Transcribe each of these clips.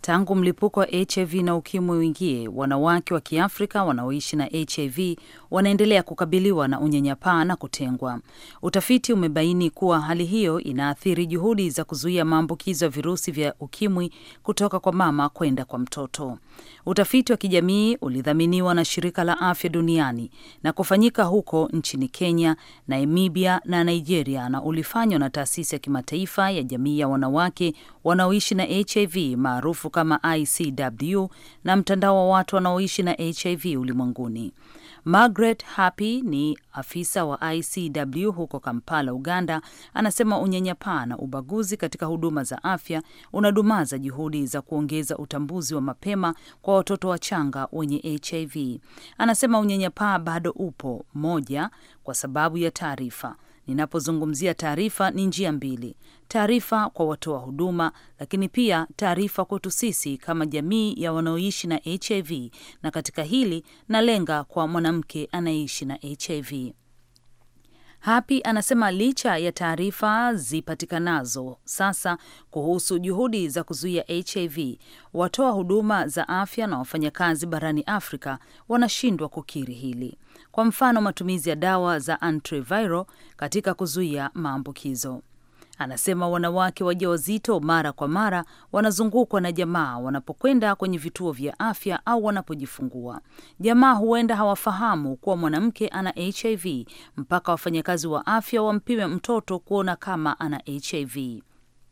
Tangu mlipuko wa HIV na ukimwi uingie, wanawake wa Kiafrika wanaoishi na HIV wanaendelea kukabiliwa na unyanyapaa na kutengwa. Utafiti umebaini kuwa hali hiyo inaathiri juhudi za kuzuia maambukizo ya virusi vya ukimwi kutoka kwa mama kwenda kwa mtoto. Utafiti wa kijamii ulidhaminiwa na Shirika la Afya Duniani na kufanyika huko nchini Kenya, Namibia na Nigeria, na ulifanywa na taasisi ya kimataifa ya jamii ya wanawake wanaoishi na HIV maarufu maarufu kama ICW na mtandao wa watu wanaoishi na HIV ulimwenguni. Margaret Happy ni afisa wa ICW huko Kampala, Uganda. Anasema unyanyapaa na ubaguzi katika huduma za afya unadumaza juhudi za kuongeza utambuzi wa mapema kwa watoto wachanga wenye HIV. Anasema unyanyapaa bado upo moja kwa sababu ya taarifa Ninapozungumzia taarifa, ni njia mbili: taarifa kwa watoa huduma, lakini pia taarifa kwetu sisi kama jamii ya wanaoishi na HIV, na katika hili nalenga kwa mwanamke anayeishi na HIV. Hapi anasema licha ya taarifa zipatikanazo sasa kuhusu juhudi za kuzuia HIV, watoa huduma za afya na wafanyakazi barani Afrika wanashindwa kukiri hili. Kwa mfano, matumizi ya dawa za antiretroviral katika kuzuia maambukizo. Anasema wanawake wajawazito mara kwa mara wanazungukwa na jamaa wanapokwenda kwenye vituo vya afya au wanapojifungua. Jamaa huenda hawafahamu kuwa mwanamke ana HIV mpaka wafanyakazi wa afya wampime mtoto kuona kama ana HIV.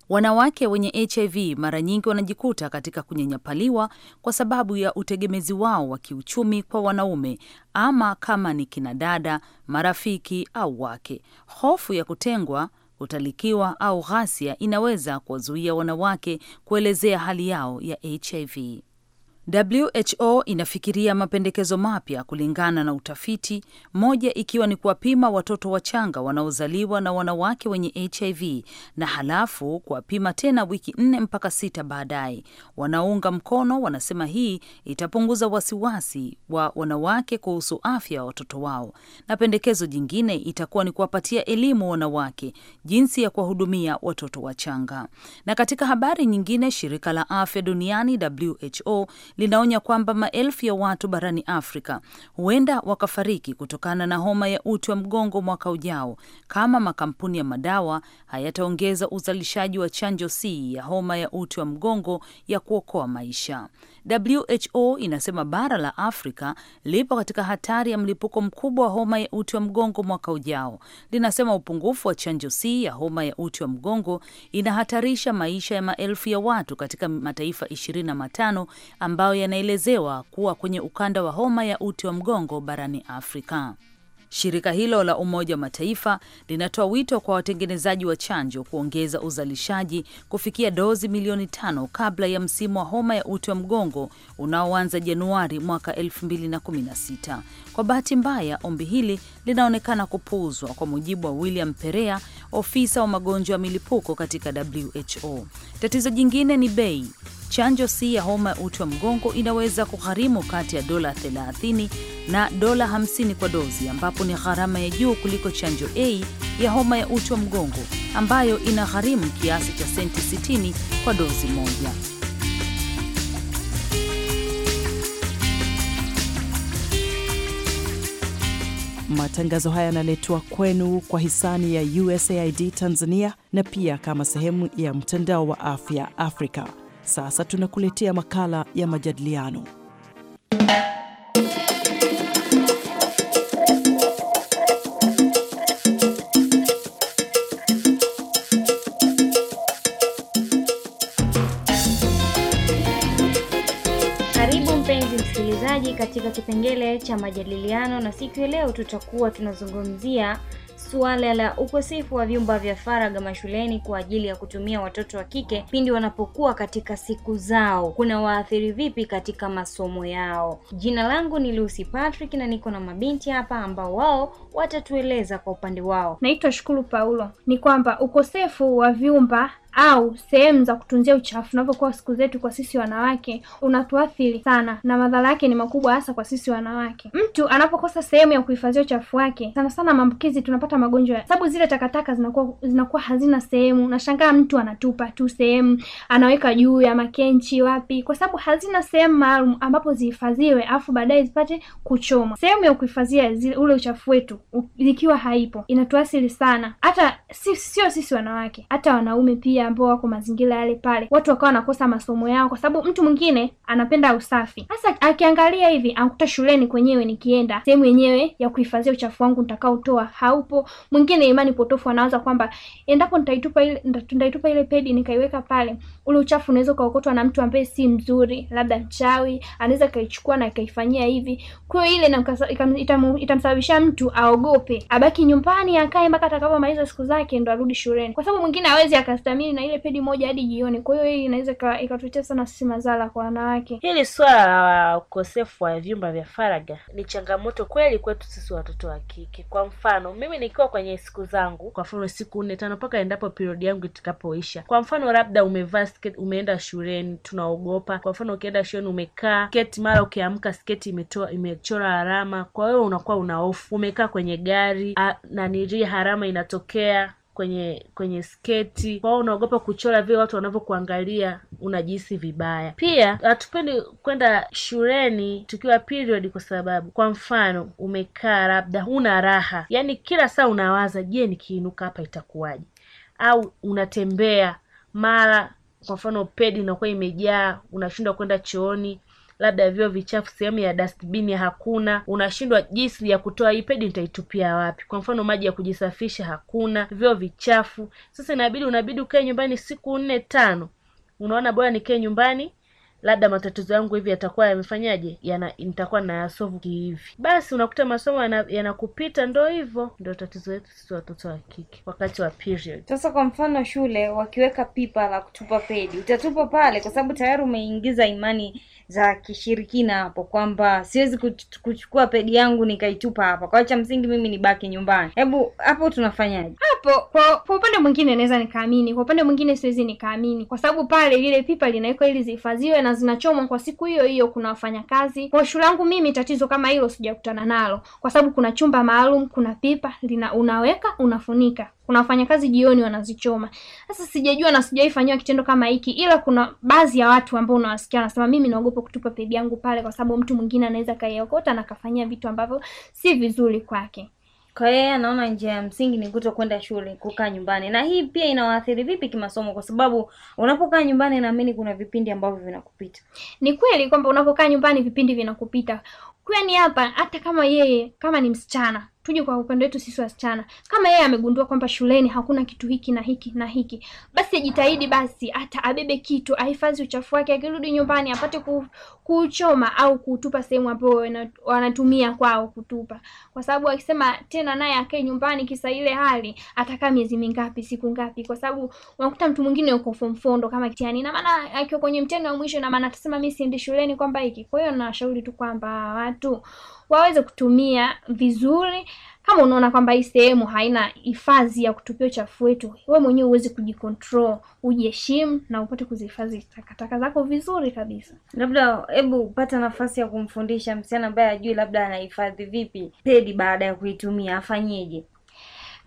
Wanawake wenye HIV mara nyingi wanajikuta katika kunyanyapaliwa kwa sababu ya utegemezi wao wa kiuchumi kwa wanaume, ama kama ni kinadada, marafiki au wake. Hofu ya kutengwa kutalikiwa au ghasia inaweza kuwazuia wanawake kuelezea hali yao ya HIV. WHO inafikiria mapendekezo mapya kulingana na utafiti, moja ikiwa ni kuwapima watoto wachanga wanaozaliwa na wanawake wenye HIV na halafu kuwapima tena wiki nne mpaka sita baadaye. Wanaunga mkono wanasema hii itapunguza wasiwasi wa wanawake kuhusu afya ya watoto wao, na pendekezo jingine itakuwa ni kuwapatia elimu wanawake jinsi ya kuwahudumia watoto wachanga. Na katika habari nyingine, shirika la afya duniani WHO linaonya kwamba maelfu ya watu barani Afrika huenda wakafariki kutokana na homa ya uti wa mgongo mwaka ujao kama makampuni ya madawa hayataongeza uzalishaji wa chanjo C ya homa ya uti wa mgongo ya kuokoa maisha. WHO inasema bara la Afrika lipo katika hatari ya mlipuko mkubwa wa homa ya uti wa mgongo mwaka ujao. Linasema upungufu wa chanjo C ya homa ya uti wa mgongo inahatarisha maisha ya maelfu ya watu katika mataifa ishirini na matano ambayo yanaelezewa kuwa kwenye ukanda wa homa ya uti wa mgongo barani Afrika. Shirika hilo la Umoja wa Mataifa linatoa wito kwa watengenezaji wa chanjo kuongeza uzalishaji kufikia dozi milioni tano kabla ya msimu wa homa ya uti wa mgongo unaoanza Januari mwaka 2016. Kwa bahati mbaya, ombi hili linaonekana kupuuzwa, kwa mujibu wa William Perea, ofisa wa magonjwa ya milipuko katika WHO. Tatizo jingine ni bei. Chanjo C ya homa ya uti wa mgongo inaweza kugharimu kati ya dola 30 na dola 50 kwa dozi, ambapo ni gharama ya juu kuliko chanjo A ya homa ya uti wa mgongo ambayo ina gharimu kiasi cha senti 60 kwa dozi moja. Matangazo haya yanaletwa kwenu kwa hisani ya USAID Tanzania na pia kama sehemu ya mtandao wa afya Afrika. Sasa tunakuletea makala ya majadiliano. katika kipengele cha majadiliano na siku ya leo tutakuwa tunazungumzia suala la ukosefu wa vyumba vya faragha mashuleni kwa ajili ya kutumia watoto wa kike pindi wanapokuwa katika siku zao kuna waathiri vipi katika masomo yao? Jina langu ni Lucy Patrick na niko na mabinti hapa ambao wao watatueleza kwa upande wao. Naitwa Shukuru Paulo. Ni kwamba ukosefu wa vyumba au sehemu za kutunzia uchafu unavyokuwa siku zetu kwa sisi wanawake unatuathiri sana, na madhara yake ni makubwa, hasa kwa sisi wanawake. Mtu anapokosa sehemu ya kuhifadhia uchafu wake, sana sana maambukizi, tunapata magonjwa, sababu zile takataka zinakuwa zinakuwa hazina sehemu. Nashangaa mtu anatupa tu sehemu, anaweka juu ya makenchi wapi, kwa sababu hazina sehemu maalum ambapo zihifadhiwe, afu baadaye zipate kuchoma. Sehemu ya kuhifadhia ule uchafu wetu ikiwa haipo, inatuathiri sana, hata sio sisi wanawake, hata wanaume pia ambao wako mazingira yale pale, watu wakawa wanakosa masomo yao, kwa sababu mtu mwingine anapenda usafi. Sasa akiangalia hivi anakuta shuleni kwenyewe, nikienda sehemu yenyewe ya kuhifadhia uchafu wangu nitakaotoa haupo. Mwingine imani potofu anaanza kwamba endapo nitaitupa ile nitaitupa ile pedi nikaiweka pale, ule uchafu unaweza ukaokotwa na mtu ambaye si mzuri, labda mchawi, anaweza kaichukua na kaifanyia hivi. Kwa hiyo ile itamsababisha mtu aogope, abaki nyumbani akae mpaka atakapomaliza siku zake ndo arudi shuleni, kwa sababu mwingine hawezi akastamini na ile pedi moja hadi jioni. Kwa hiyo hii inaweza ikatuletea sana sisi madhara kwa wanawake. Hili swala la ukosefu wa vyumba vya faraga ni changamoto kweli kwetu sisi watoto wa kike. Kwa mfano mimi nikiwa kwenye siku zangu, kwa mfano siku nne tano, mpaka endapo periodi yangu itakapoisha. Kwa mfano labda umevaa sketi, umeenda shuleni, tunaogopa. Kwa mfano ukienda shuleni umekaa sketi, mara ukiamka sketi imetoa imechora alama, kwa hiyo unakuwa una hofu. Umekaa kwenye gari, nanilia harama inatokea kwenye kwenye sketi kwao, unaogopa kuchora vile watu wanavyokuangalia, unajihisi vibaya. Pia hatupendi kwenda shuleni tukiwa period, kwa sababu kwa mfano umekaa labda huna raha, yani kila saa unawaza, je, nikiinuka hapa itakuwaje? Au unatembea mara kwa mfano pedi inakuwa imejaa, unashindwa kwenda chooni labda vyo vichafu, sehemu ya dustbin hakuna, unashindwa jinsi ya kutoa hii pedi nitaitupia wapi. Kwa mfano maji ya kujisafisha hakuna, vyo vichafu. Sasa inabidi unabidi ukae nyumbani siku nne tano, unaona bora nikae nyumbani labda matatizo yangu hivi yatakuwa yamefanyaje, yana nitakuwa na yasovu hivi. Basi unakuta masomo yanakupita, yana ndo hivyo, ndo tatizo letu sisi watoto wa kike wakati wa period. Sasa kwa mfano shule wakiweka pipa la kutupa pedi, utatupa pale, kwa sababu tayari umeingiza imani za kishirikina hapo kwamba siwezi kuchukua pedi yangu nikaitupa hapa, kwa cha msingi mimi nibaki nyumbani. Hebu hapo tunafanyaje? Kwa, kwa upande mwingine naweza nikaamini, kwa upande mwingine siwezi nikaamini, kwa sababu pale lile pipa linawekwa ili zihifadhiwe na zinachomwa kwa siku hiyo hiyo. Kuna wafanyakazi kwa shule yangu mimi, tatizo kama hilo sijakutana nalo, kwa sababu kuna chumba maalum, kuna pipa lina, unaweka unafunika kuna wafanyakazi jioni wanazichoma. Sasa sijajua na sijawahi kitendo kama hiki, ila kuna baadhi ya watu ambao unawasikia wanasema, mimi naogopa kutupa pedi yangu pale, kwa sababu mtu mwingine anaweza kaiokota na kafanyia vitu ambavyo si vizuri kwake. Kwa yeye anaona njia ya msingi ni kuto kwenda shule, kukaa nyumbani, na hii pia inawaathiri vipi kimasomo? Kwa sababu unapokaa nyumbani, naamini kuna vipindi ambavyo vinakupita. Ni kweli kwamba unapokaa nyumbani vipindi vinakupita, kwani hapa hata kama yeye kama ni msichana tuje kwa upande wetu sisi wasichana. Kama yeye amegundua kwamba shuleni hakuna kitu hiki na hiki na hiki, basi ajitahidi basi hata abebe kitu, ahifadhi uchafu wake, akirudi nyumbani apate kuchoma au kutupa sehemu ambayo wanatumia kwao kutupa, kwa sababu akisema tena naye akae nyumbani kisa ile hali, atakaa miezi mingapi, siku ngapi? Kwa sababu unakuta mtu mwingine yuko form fondo kama kitiani, na maana akiwa kwenye mtendo wa mwisho, na maana atasema mimi siendi shuleni kwamba hiki. Kwa hiyo nawashauri tu kwamba watu waweze kutumia vizuri. Kama unaona kwamba hii sehemu haina hifadhi ya kutupia uchafu wetu, wewe mwenyewe uweze kujikontrol, ujiheshimu na upate kuzihifadhi takataka zako vizuri kabisa. Labda hebu upata nafasi ya kumfundisha msichana ambaye ajui labda anahifadhi vipi pedi baada ya kuitumia, afanyeje?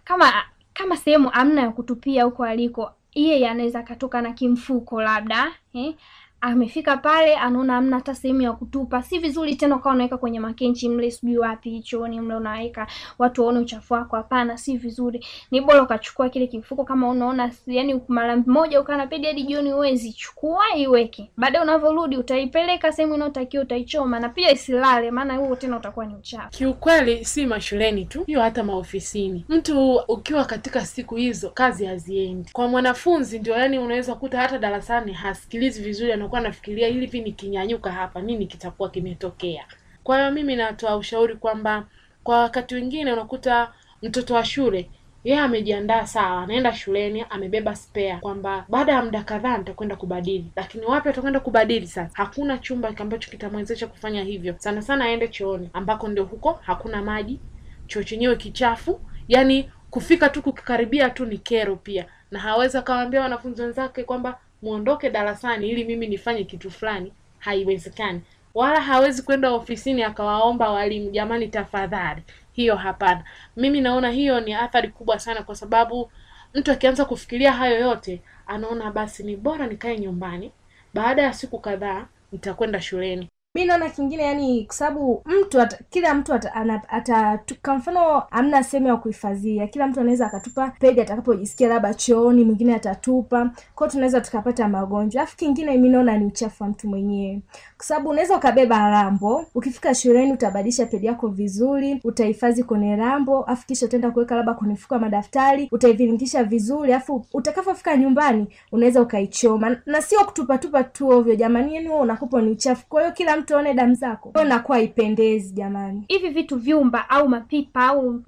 Kama kama sehemu amna ya kutupia huko aliko, yeye anaweza akatoka na kimfuko labda eh? amefika pale anaona amna hata sehemu ya kutupa. Si vizuri tena ukawa unaweka kwenye makenchi mle, sijui wapi chooni mle, unaweka watu waone uchafu wako. Hapana, si vizuri. Ni bora ukachukua kile kifuko kama unaona yani mara moja ukawa na pedi hadi jioni, uwezi chukua, iweke. Baadaye unavyorudi utaipeleka sehemu inayotakiwa, utaichoma na pia isilale, maana huo tena utakuwa ni uchafu. Kiukweli si mashuleni tu, hiyo hata maofisini. Mtu ukiwa katika siku hizo, kazi haziendi. Kwa mwanafunzi ndio yani unaweza kuta hata darasani hasikilizi vizuri, ana amekuwa anafikiria hivi, nikinyanyuka hapa nini kitakuwa kimetokea? Kwa hiyo mimi natoa ushauri kwamba kwa wakati wengine unakuta mtoto wa shule yeye yeah, amejiandaa sawa, anaenda shuleni amebeba spare kwamba baada ya muda kadhaa nitakwenda kubadili, lakini wapi atakwenda kubadili? Sasa hakuna chumba ambacho kitamwezesha kufanya hivyo. Sana sana aende chooni, ambako ndio huko hakuna maji, choo chenyewe kichafu, yani kufika tu kukikaribia tu ni kero pia, na hawezi akawaambia wanafunzi wenzake kwamba mwondoke darasani ili mimi nifanye kitu fulani, haiwezekani. Wala hawezi kwenda ofisini akawaomba walimu, jamani, tafadhali. Hiyo hapana. Mimi naona hiyo ni athari kubwa sana, kwa sababu mtu akianza kufikiria hayo yote anaona basi ni bora nikae nyumbani, baada ya siku kadhaa nitakwenda shuleni mi naona kingine yani kwa sababu mtu at, kila mtu ata kwa mfano amna sehemu ya kuhifadhia kila mtu anaweza akatupa pedi atakapojisikia labda chooni mwingine atatupa kwao tunaweza tukapata magonjwa alafu kingine mi naona ni uchafu wa mtu mwenyewe kwa sababu unaweza ukabeba rambo ukifika shuleni utabadilisha pedi yako vizuri utahifadhi kwenye rambo afu kisha utaenda kuweka labda kwenye mfuko wa madaftari utaivingisha vizuri alafu utakapofika nyumbani unaweza ukaichoma na sio kutupatupa tu ovyo jamani yani huo unakupa ni uchafu kwa hiyo kila mtuone damu zako, nakuwa ipendezi jamani. Hivi vitu vyumba au mapipa au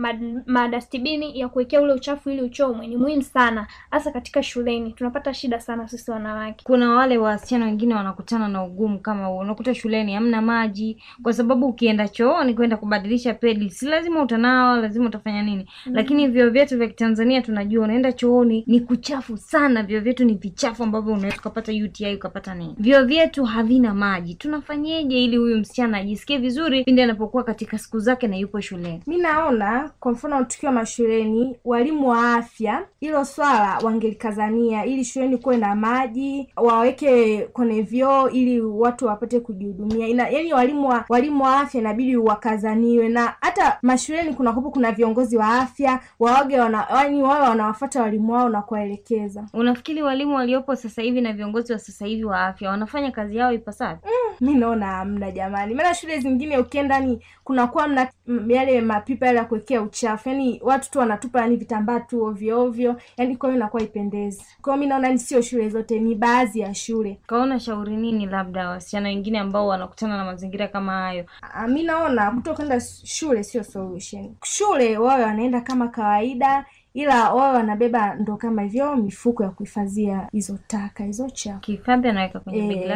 madastibini ya kuwekea ule uchafu ili uchomwe ni muhimu sana, hasa katika shuleni. Tunapata shida sana sisi wanawake. Kuna wale wasichana wengine wanakutana na ugumu kama huo, unakuta shuleni hamna maji, kwa sababu ukienda chooni kwenda kubadilisha pedi, si lazima utanawa, lazima utafanya nini? mm Lakini vyoo vyetu vya Kitanzania tunajua, unaenda chooni ni kuchafu sana, vyoo vyetu ni vichafu ambavyo unaweza ukapata UTI ukapata nini. Vyoo vyetu havina maji, tunafanyia nifanyeje ili huyu msichana ajisikie vizuri pindi anapokuwa katika siku zake na yupo shuleni? Mi naona kwa mfano tukiwa mashuleni, walimu wa afya hilo swala wangelikazania, ili shuleni kuwe na maji, waweke kwenye vyoo ili watu wapate kujihudumia. yani walimu wa walimu wa afya inabidi wakazaniwe, na hata mashuleni kupo kuna viongozi wa afya wawage, yaani wawe wanawafata walimu wao na kuwaelekeza. Unafikiri walimu waliopo sasa hivi na viongozi wa sasa hivi wa afya wanafanya kazi yao ipasavyo? Mm, mi naona hamna jamani. Maana shule zingine ukienda ni kunakuwa mna yale mapipa yale ya kuwekea uchafu, yani watu tu wanatupa yani vitambaa tu ovyo ovyo, yani kwa hiyo inakuwa ipendezi. Kwa hiyo mi naona ni yaani sio shule zote, ni baadhi ya shule. Kaona shauri nini, labda wasichana wengine ambao wanakutana na mazingira kama hayo? Ah, mi naona kutokwenda shule sio solution. Shule wawe wanaenda kama kawaida ila wao wanabeba ndo kama hivyo mifuko ya kuhifadhia hizo taka hizo chafu,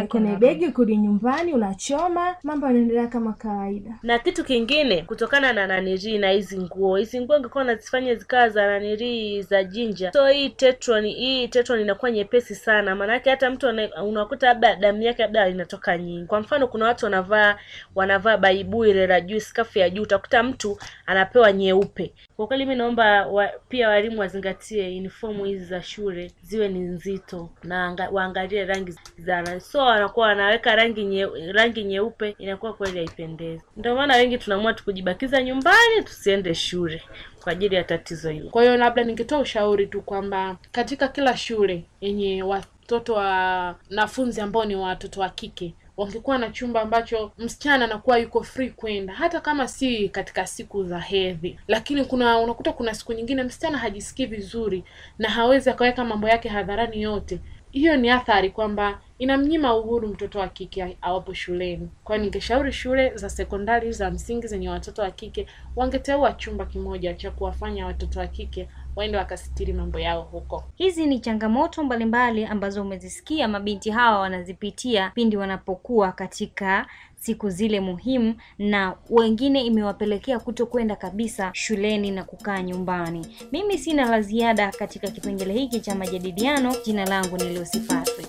kwenye e, begi kuli nyumbani, unachoma, mambo yanaendelea kama kawaida. Na kitu kingine kutokana na nanirii na hizi nguo, hizi nguo ngekuwa nazifanya zikawa za nanirii za jinja, so hii tetron, hii tetron inakuwa nyepesi sana, maanake hata mtu unakuta labda damu yake labda inatoka nyingi. Kwa mfano, kuna watu wanavaa wanavaa baibui lela juu, skafu ya juu, utakuta mtu anapewa nyeupe kwa kweli mi naomba wa, pia walimu wazingatie uniform hizi za shule ziwe ni nzito na waangalie rangi za rangi. So wanakuwa wanaweka rangi nye, rangi nyeupe inakuwa kweli haipendezi. Ndio maana wengi tunaamua tukujibakiza nyumbani tusiende shule kwa ajili ya tatizo hilo. Kwa hiyo labda ningetoa ushauri tu kwamba katika kila shule yenye watoto wa nafunzi ambao ni watoto wa kike wangekuwa na chumba ambacho msichana anakuwa yuko free kwenda, hata kama si katika siku za hedhi. Lakini kuna unakuta kuna siku nyingine msichana hajisikii vizuri na hawezi akaweka mambo yake hadharani yote. Hiyo ni athari kwamba inamnyima uhuru mtoto wa kike awapo shuleni. Kwa ningeshauri shule za sekondari za msingi zenye watoto wa kike wangeteua chumba kimoja cha kuwafanya watoto wa kike waende wakasitiri mambo yao huko. Hizi ni changamoto mbalimbali mbali ambazo umezisikia mabinti hawa wanazipitia pindi wanapokuwa katika siku zile muhimu, na wengine imewapelekea kuto kwenda kabisa shuleni na kukaa nyumbani. Mimi sina la ziada katika kipengele hiki cha majadiliano. Jina langu ni Lucy Fasi.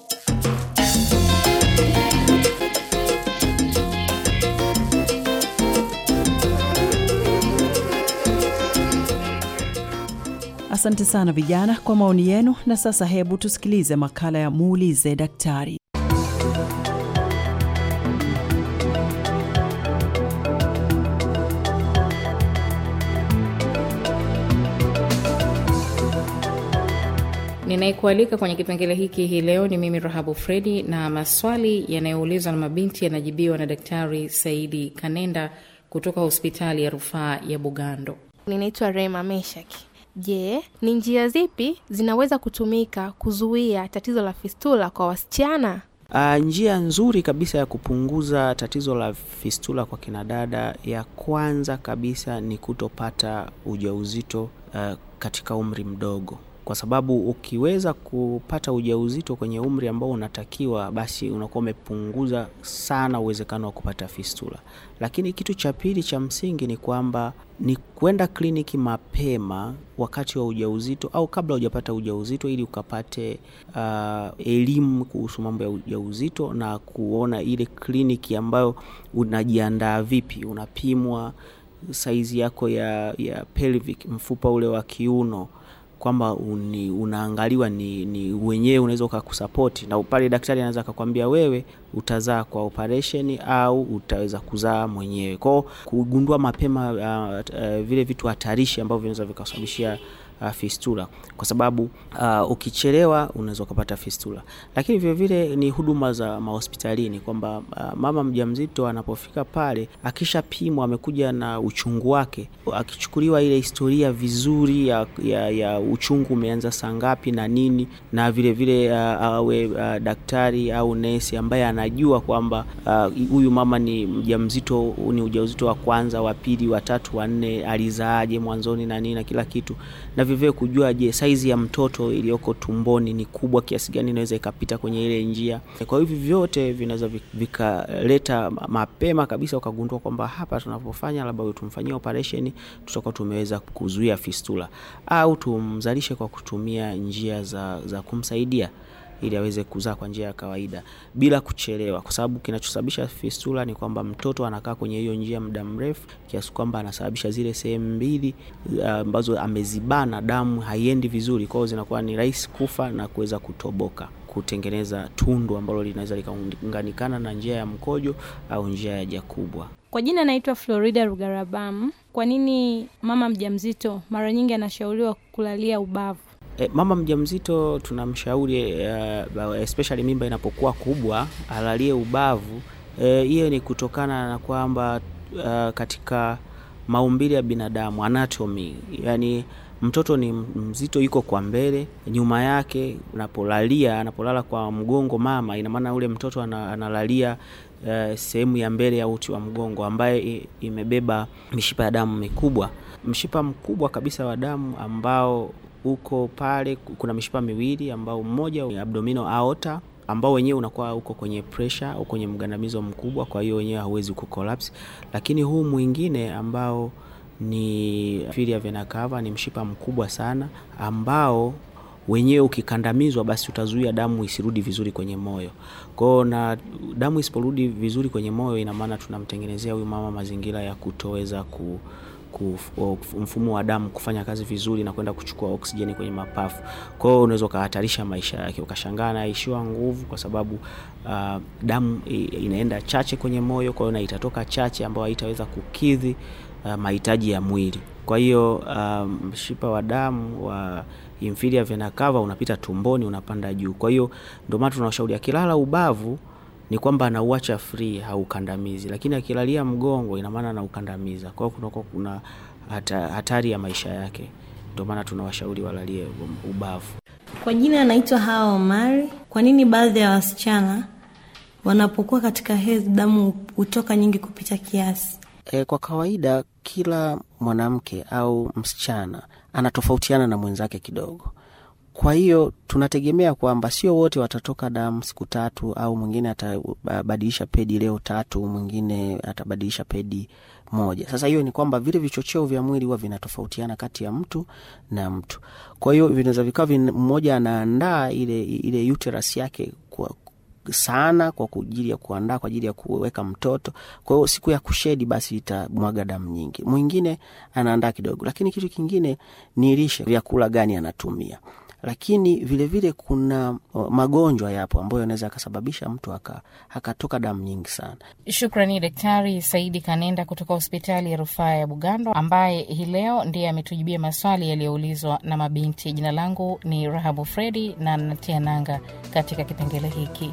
Asante sana vijana kwa maoni yenu, na sasa hebu tusikilize makala ya muulize daktari. Ninayekualika kwenye kipengele hiki hii leo ni mimi Rahabu Fredi, na maswali yanayoulizwa na mabinti yanajibiwa na Daktari Saidi Kanenda kutoka hospitali ya rufaa ya Bugando. Ninaitwa Rema Meshaki. Je, ni njia zipi zinaweza kutumika kuzuia tatizo la fistula kwa wasichana? Uh, njia nzuri kabisa ya kupunguza tatizo la fistula kwa kinadada, ya kwanza kabisa ni kutopata ujauzito uh, katika umri mdogo kwa sababu ukiweza kupata ujauzito kwenye umri ambao unatakiwa, basi unakuwa umepunguza sana uwezekano wa kupata fistula. Lakini kitu cha pili cha msingi ni kwamba ni kwenda kliniki mapema wakati wa ujauzito au kabla hujapata ujauzito, ili ukapate uh, elimu kuhusu mambo ya ujauzito na kuona ile kliniki ambayo unajiandaa vipi, unapimwa saizi yako ya, ya pelvic, mfupa ule wa kiuno kwamba uni, unaangaliwa ni, ni wenyewe unaweza ukakusapoti, na pale daktari anaweza akakwambia wewe utazaa kwa operation au utaweza kuzaa mwenyewe. Kwao kugundua mapema uh, uh, vile vitu hatarishi ambavyo vinaweza vikasababishia uh, fistula kwa sababu uh, ukichelewa unaweza ukapata fistula. Lakini vilevile ni huduma za mahospitalini kwamba uh, mama mjamzito anapofika pale akishapimwa, amekuja na uchungu wake, akichukuliwa ile historia vizuri ya, ya, ya uchungu umeanza saa ngapi na nini, na vilevile uh, awe uh, daktari au nesi ambaye anajua kwamba uh, huyu uh, mama ni mjamzito, ni ujauzito wa kwanza, wa pili, wa tatu, wa nne, alizaaje mwanzoni na nini na kila kitu na vivyo kujua, je, saizi ya mtoto iliyoko tumboni ni kubwa kiasi gani, inaweza ikapita kwenye ile njia. Kwa hivi vyote vinaweza vikaleta mapema kabisa ukagundua kwamba hapa tunapofanya labda tumfanyia operesheni, tutakuwa tumeweza kuzuia fistula au tumzalishe kwa kutumia njia za, za kumsaidia ili aweze kuzaa kwa njia ya kawaida bila kuchelewa, kwa sababu kinachosababisha fistula ni kwamba mtoto anakaa kwenye hiyo njia muda mrefu kiasi kwamba anasababisha zile sehemu mbili ah, ambazo uh, amezibana, damu haiendi vizuri, kwao zinakuwa ni rahisi kufa na kuweza kutoboka kutengeneza tundu ambalo linaweza likaunganikana na njia ya mkojo au njia ya haja kubwa. Kwa jina naitwa Florida Rugarabamu. Kwa nini mama mjamzito mara nyingi anashauriwa kulalia ubavu? E, mama mjamzito tunamshauri uh, especially mimba inapokuwa kubwa alalie ubavu. Hiyo e, ni kutokana na kwamba uh, katika maumbile ya binadamu anatomy, yani mtoto ni mzito, yuko kwa mbele, nyuma yake unapolalia, anapolala kwa mgongo mama, ina maana ule mtoto analalia uh, sehemu ya mbele ya uti wa mgongo ambaye imebeba mishipa ya damu mikubwa, mshipa mkubwa kabisa wa damu ambao uko pale, kuna mishipa miwili ambao mmoja ni abdominal aorta ambao wenyewe unakuwa uko kwenye pressure au kwenye mgandamizo mkubwa, kwa hiyo wenyewe hauwezi collapse. lakini huu mwingine ambao ni inferior vena cava ni mshipa mkubwa sana ambao wenyewe ukikandamizwa basi utazuia damu isirudi vizuri kwenye moyo. Kwa hiyo na damu isiporudi vizuri kwenye moyo, ina maana tunamtengenezea huyu mama mazingira ya kutoweza ku mfumo wa damu kufanya kazi vizuri na kwenda kuchukua oksijeni kwenye mapafu. Kwa hiyo unaweza ukahatarisha maisha yake, ukashangaa naishiwa nguvu kwa sababu uh, damu inaenda chache kwenye moyo, kwa hiyo na itatoka chache ambayo haitaweza kukidhi uh, mahitaji ya mwili. Kwa hiyo um, mshipa um, wa damu wa inferior vena cava unapita tumboni, unapanda juu. Kwa hiyo ndio maana tunawashauria akilala ubavu ni kwamba anauacha free, haukandamizi, lakini akilalia mgongo, ina maana anaukandamiza. Kwa hiyo kunakuwa kuna hatari ya maisha yake. Ndio maana tunawashauri walalie ubavu. Kwa jina anaitwa Hawa Omari. Kwa nini baadhi ya wasichana wanapokuwa katika hedhi damu hutoka nyingi kupita kiasi? E, kwa kawaida kila mwanamke au msichana anatofautiana na mwenzake kidogo kwa hiyo tunategemea kwamba sio wote watatoka damu siku tatu, au mwingine atabadilisha pedi leo tatu, mwingine atabadilisha pedi moja. Sasa hiyo ni kwamba vile vichocheo vya mwili huwa vinatofautiana kati ya mtu na mtu. Kwa hiyo vinaweza vikawa mmoja anaandaa ile, ile uterus yake kwa sana kwa ajili ya kuandaa kwa ajili ya kuweka mtoto. Kwa hiyo siku ya kushedi basi itamwaga damu nyingi, mwingine anaandaa kidogo. Lakini kitu kingine ni lishe, vyakula gani anatumia lakini vilevile vile kuna uh, magonjwa yapo ambayo yanaweza akasababisha mtu akatoka damu nyingi sana. Shukrani Daktari Saidi Kanenda kutoka hospitali ya rufaa ya Bugando, ambaye hii leo ndiye ametujibia maswali yaliyoulizwa na mabinti. Jina langu ni Rahabu Fredi na natia nanga katika kipengele hiki.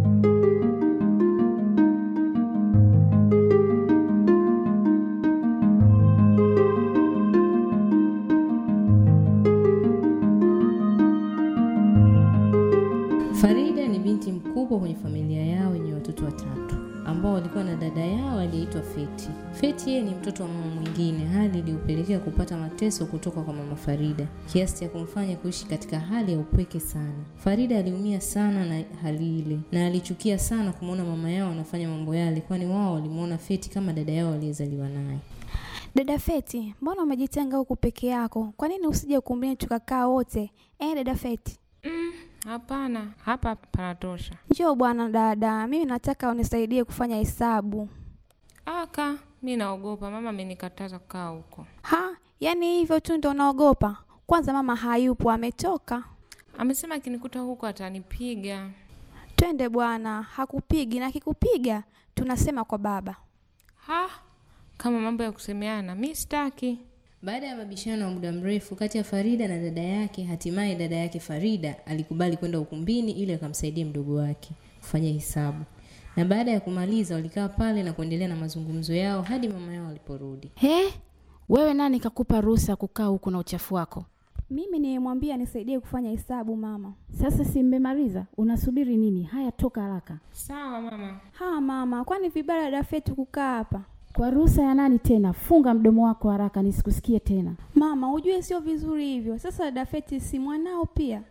Katie ni mtoto wa mama mwingine, hali iliyopelekea kupata mateso kutoka kwa mama Farida kiasi cha kumfanya kuishi katika hali ya upweke sana. Farida aliumia sana na hali ile na alichukia sana kumwona mama yao anafanya mambo yale, kwani wao walimwona Feti kama dada yao aliyezaliwa naye. Dada Feti, mbona umejitenga huku peke yako? Kwa nini usije ukumbini tukakaa wote eh, dada Feti? Mm, hapana, hapa panatosha. Njoo bwana dada, mimi nataka unisaidie kufanya hesabu aka mi naogopa, mama amenikataza kukaa huko. Ha, yaani hivyo tu ndo unaogopa? Kwanza mama hayupo, ametoka. Amesema akinikuta huko atanipiga. Twende bwana, hakupigi na kikupiga tunasema kwa baba. Ha, kama mambo ya kusemeana mi sitaki. Baada ya mabishano wa muda mrefu kati ya Farida na dada yake, hatimaye dada yake Farida alikubali kwenda ukumbini ili akamsaidie mdogo wake kufanya hesabu na baada ya kumaliza walikaa pale na kuendelea na mazungumzo yao hadi mama yao aliporudi. He, wewe nani kakupa ruhusa kukaa huku na uchafu wako? Mimi nimemwambia nisaidie kufanya hesabu mama. Sasa si mmemaliza? Unasubiri nini? Haya, toka haraka. Sawa mama. Ha mama, kwani vibara dafetu kukaa hapa? Kwa ruhusa ya nani tena? Funga mdomo wako haraka nisikusikie tena. Mama, ujue sio vizuri hivyo. Sasa Dafeti si mwanao pia.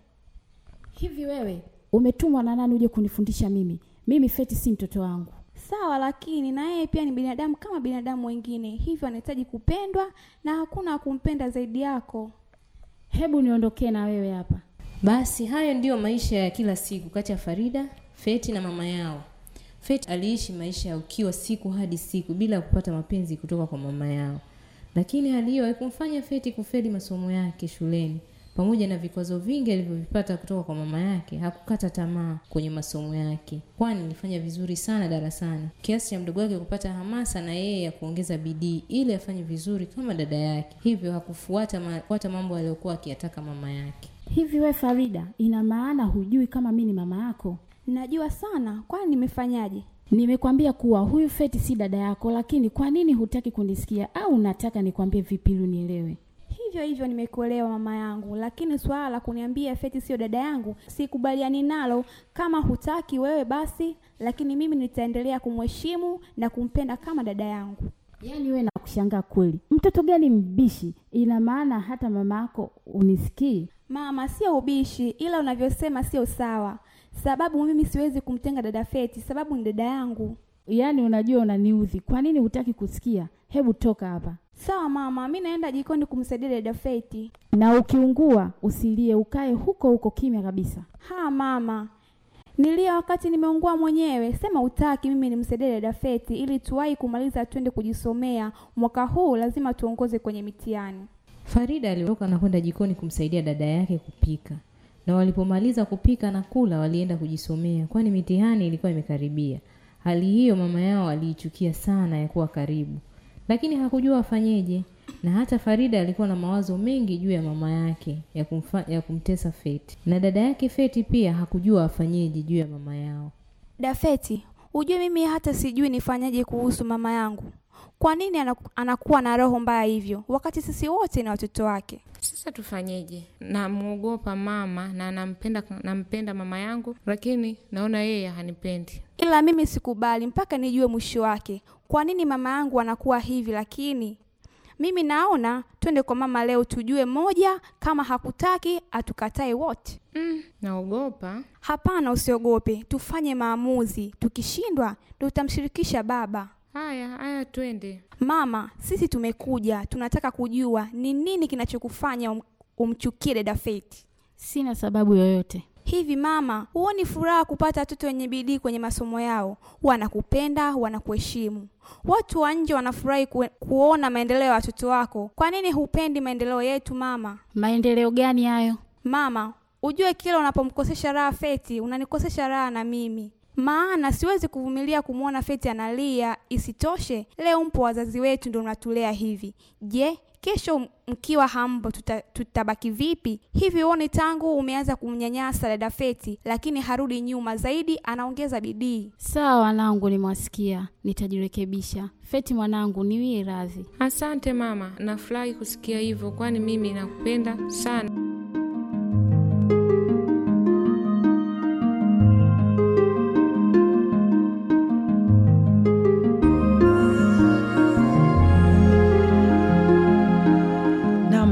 Hivi wewe umetumwa na nani uje kunifundisha mimi? mimi Feti si mtoto wangu. Sawa, lakini na yeye pia ni binadamu kama binadamu wengine, hivyo anahitaji kupendwa na hakuna kumpenda zaidi yako. Hebu niondokee na wewe hapa. Basi hayo ndiyo maisha ya kila siku kati ya Farida, Feti na mama yao. Feti aliishi maisha ya ukiwa siku hadi siku bila kupata mapenzi kutoka kwa mama yao, lakini hali hiyo haikumfanya Feti kufeli masomo yake shuleni. Pamoja na vikwazo vingi alivyovipata kutoka kwa mama yake, hakukata tamaa kwenye masomo yake, kwani ilifanya vizuri sana darasani kiasi cha mdogo wake kupata hamasa na yeye ya kuongeza bidii ili afanye vizuri kama dada yake. Hivyo hakufuata ma, mambo aliyokuwa akiyataka mama yake. Hivi we Farida, ina maana hujui kama mi ni mama yako? Najua sana, kwani nimefanyaje? Nimekwambia kuwa huyu Feti si dada yako, lakini kwa nini hutaki kunisikia? Au unataka nikwambie vipi ili unielewe? hivyo hivyo nimekuelewa mama yangu, lakini swala la kuniambia Feti sio dada yangu sikubaliani nalo. Kama hutaki wewe basi, lakini mimi nitaendelea kumheshimu na kumpenda kama dada yangu. Yaani wewe nakushangaa kweli, mtoto gani mbishi? Ina maana hata mama yako unisikii? Mama, sio ubishi, ila unavyosema sio sawa, sababu mimi siwezi kumtenga dada Feti, sababu ni dada yangu yaani unajua unaniudhi, kwa nini hutaki kusikia? Hebu toka hapa. Sawa mama, mi naenda jikoni kumsaidia dada Feti. Na ukiungua usilie, ukae huko huko kimya kabisa. Ha mama, nilia wakati nimeungua mwenyewe. Sema utaki mimi nimsaidie dada Feti ili tuwahi kumaliza, twende kujisomea. Mwaka huu lazima tuongoze kwenye mitihani. Farida aliondoka na kwenda jikoni kumsaidia dada yake kupika, na walipomaliza kupika na kula, walienda kujisomea, kwani mitihani ilikuwa imekaribia. Hali hiyo mama yao aliichukia sana ya kuwa karibu, lakini hakujua afanyeje, na hata Farida alikuwa na mawazo mengi juu ya mama yake ya, kumfa, ya kumtesa Feti, na dada yake Feti pia hakujua afanyeje juu ya mama yao. Da Feti, hujue mimi hata sijui nifanyaje kuhusu mama yangu. Kwa nini anakuwa na roho mbaya hivyo wakati sisi wote ni watoto wake? Sasa tufanyeje? Namwogopa mama na nampenda, nampenda mama yangu, lakini naona yeye hanipendi. Ila mimi sikubali mpaka nijue mwisho wake. Kwa nini mama yangu anakuwa hivi? Lakini mimi naona twende kwa mama leo tujue moja, kama hakutaki atukatae wote. Mm, naogopa. Hapana, usiogope, tufanye maamuzi. Tukishindwa ndo tutamshirikisha baba. Haya haya, twende mama. Sisi tumekuja, tunataka kujua ni nini kinachokufanya um, umchukie dada Feti. Sina sababu yoyote. Hivi mama, huoni furaha kupata watoto wenye bidii kwenye masomo yao? Wanakupenda, wanakuheshimu. Watu wa nje wanafurahi kuona maendeleo ya watoto wako. Kwa nini hupendi maendeleo yetu mama? Maendeleo gani hayo mama? Ujue kila unapomkosesha raha Feti unanikosesha raha na mimi maana siwezi kuvumilia kumwona Feti analia. Isitoshe, leo mpo wazazi wetu ndio unatulea hivi. Je, kesho mkiwa hambo tuta, tutabaki vipi? Hivi uone tangu umeanza kumnyanyasa dada Feti, lakini harudi nyuma zaidi, anaongeza bidii. Sawa wanangu, nimewasikia, nitajirekebisha. Feti mwanangu, niwie radhi. Asante mama, nafurahi kusikia hivyo, kwani mimi nakupenda sana.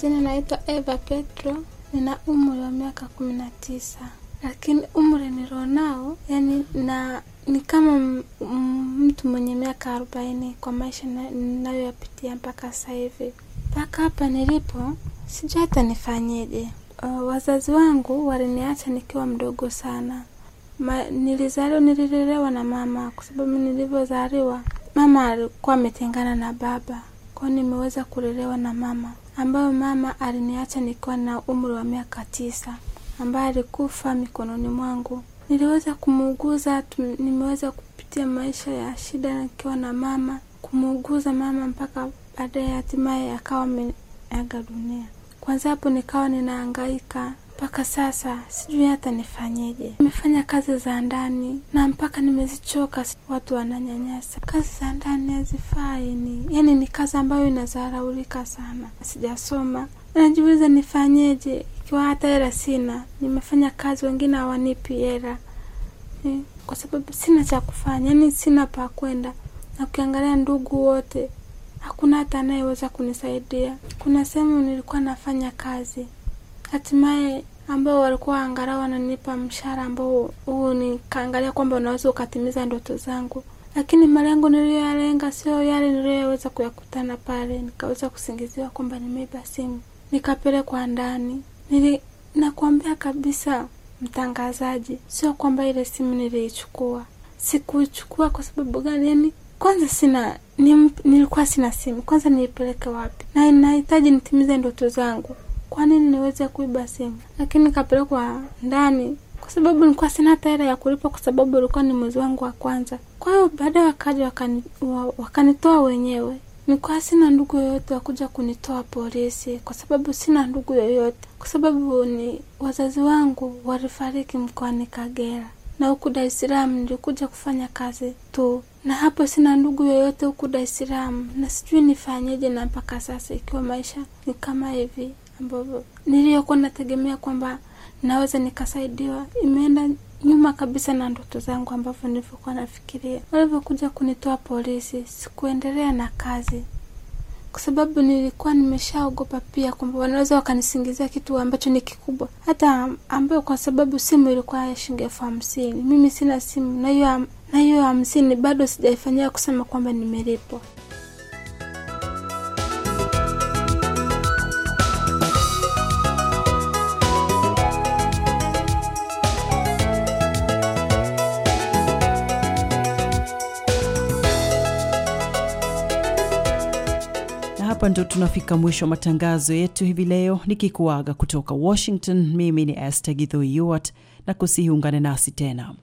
jina naitwa Eva Petro, nina umri wa miaka kumi na tisa, lakini umri nilionao yani na ni kama mtu mwenye miaka arobaini kwa maisha ninayoyapitia mpaka sasa hivi, mpaka hapa nilipo, sijui hata nifanyeje. Uh, wazazi wangu waliniacha nikiwa mdogo sana. Ma, nilizaliwa nililelewa na mama, kwa sababu nilivyozaliwa mama alikuwa ametengana na baba, kwao nimeweza kulelewa na mama ambayo mama aliniacha nikiwa na umri wa miaka tisa, ambaye alikufa mikononi mwangu. Niliweza kumuuguza, nimeweza kupitia maisha ya shida nikiwa na mama, kumuuguza mama mpaka baadaye hatimaye akawa ameaga dunia. Kwanza hapo nikawa ninaangaika mpaka sasa sijui hata nifanyeje. Nimefanya kazi za ndani na mpaka nimezichoka. Watu wananyanyasa, kazi za ndani hazifai, ni yani ni kazi ambayo inazaraulika sana. Sijasoma, najiuliza nifanyeje ikiwa hata hela sina. Nimefanya kazi, wengine hawanipi hela kwa sababu sina cha kufanya, yani sina pa kwenda, na ukiangalia ndugu wote hakuna hata anayeweza kunisaidia. Kuna sehemu nilikuwa nafanya kazi hatimaye ambao walikuwa angalau wananipa mshahara ambao huu, nikaangalia kwamba unaweza ukatimiza ndoto zangu, lakini malengo niliyoyalenga sio yale niliyoweza kuyakutana pale. Nikaweza kusingiziwa kwamba nimeiba simu, nikapelekwa ndani. Nili nakuambia kabisa, mtangazaji, sio kwamba ile simu niliichukua. Sikuichukua kwa sababu gani? Yani kwanza sina nim, nilikuwa sina simu. Kwanza niipeleke wapi? Na nahitaji nitimize ndoto zangu kwa nini niweze kuiba simu, lakini nikapelekwa ndani kwa sababu nilikuwa sina hela ya kulipa, kwa sababu ulikuwa ni mwezi wangu wa kwanza. Kwa hiyo baadaye wakaja wakanitoa, wakani wenyewe. Nilikuwa sina ndugu yoyote wakuja kunitoa polisi, kwa sababu sina ndugu yoyote, kwa sababu ni wazazi wangu walifariki mkoani Kagera na huku Dar es Salaam nilikuja kufanya kazi tu, na hapo sina ndugu yoyote huku Dar es Salaam, na sijui nifanyeje, na mpaka sasa ikiwa maisha ni kama hivi ambavyo niliyokuwa nategemea kwamba naweza nikasaidiwa, imeenda nyuma kabisa na ndoto zangu ambavyo nilivyokuwa nafikiria. Walivyokuja kunitoa polisi, sikuendelea na kazi kwa sababu nilikuwa nimeshaogopa pia kwamba wanaweza wakanisingizia kitu ambacho ni kikubwa, hata ambayo, kwa sababu simu ilikuwa ya shilingi elfu hamsini. Mimi sina simu, na hiyo hamsini bado sijaifanyia kusema kwamba nimelipwa. ndo tunafika mwisho wa matangazo yetu hivi leo, nikikuaga kutoka Washington. Mimi ni este Githo na kusihiungane nasi tena.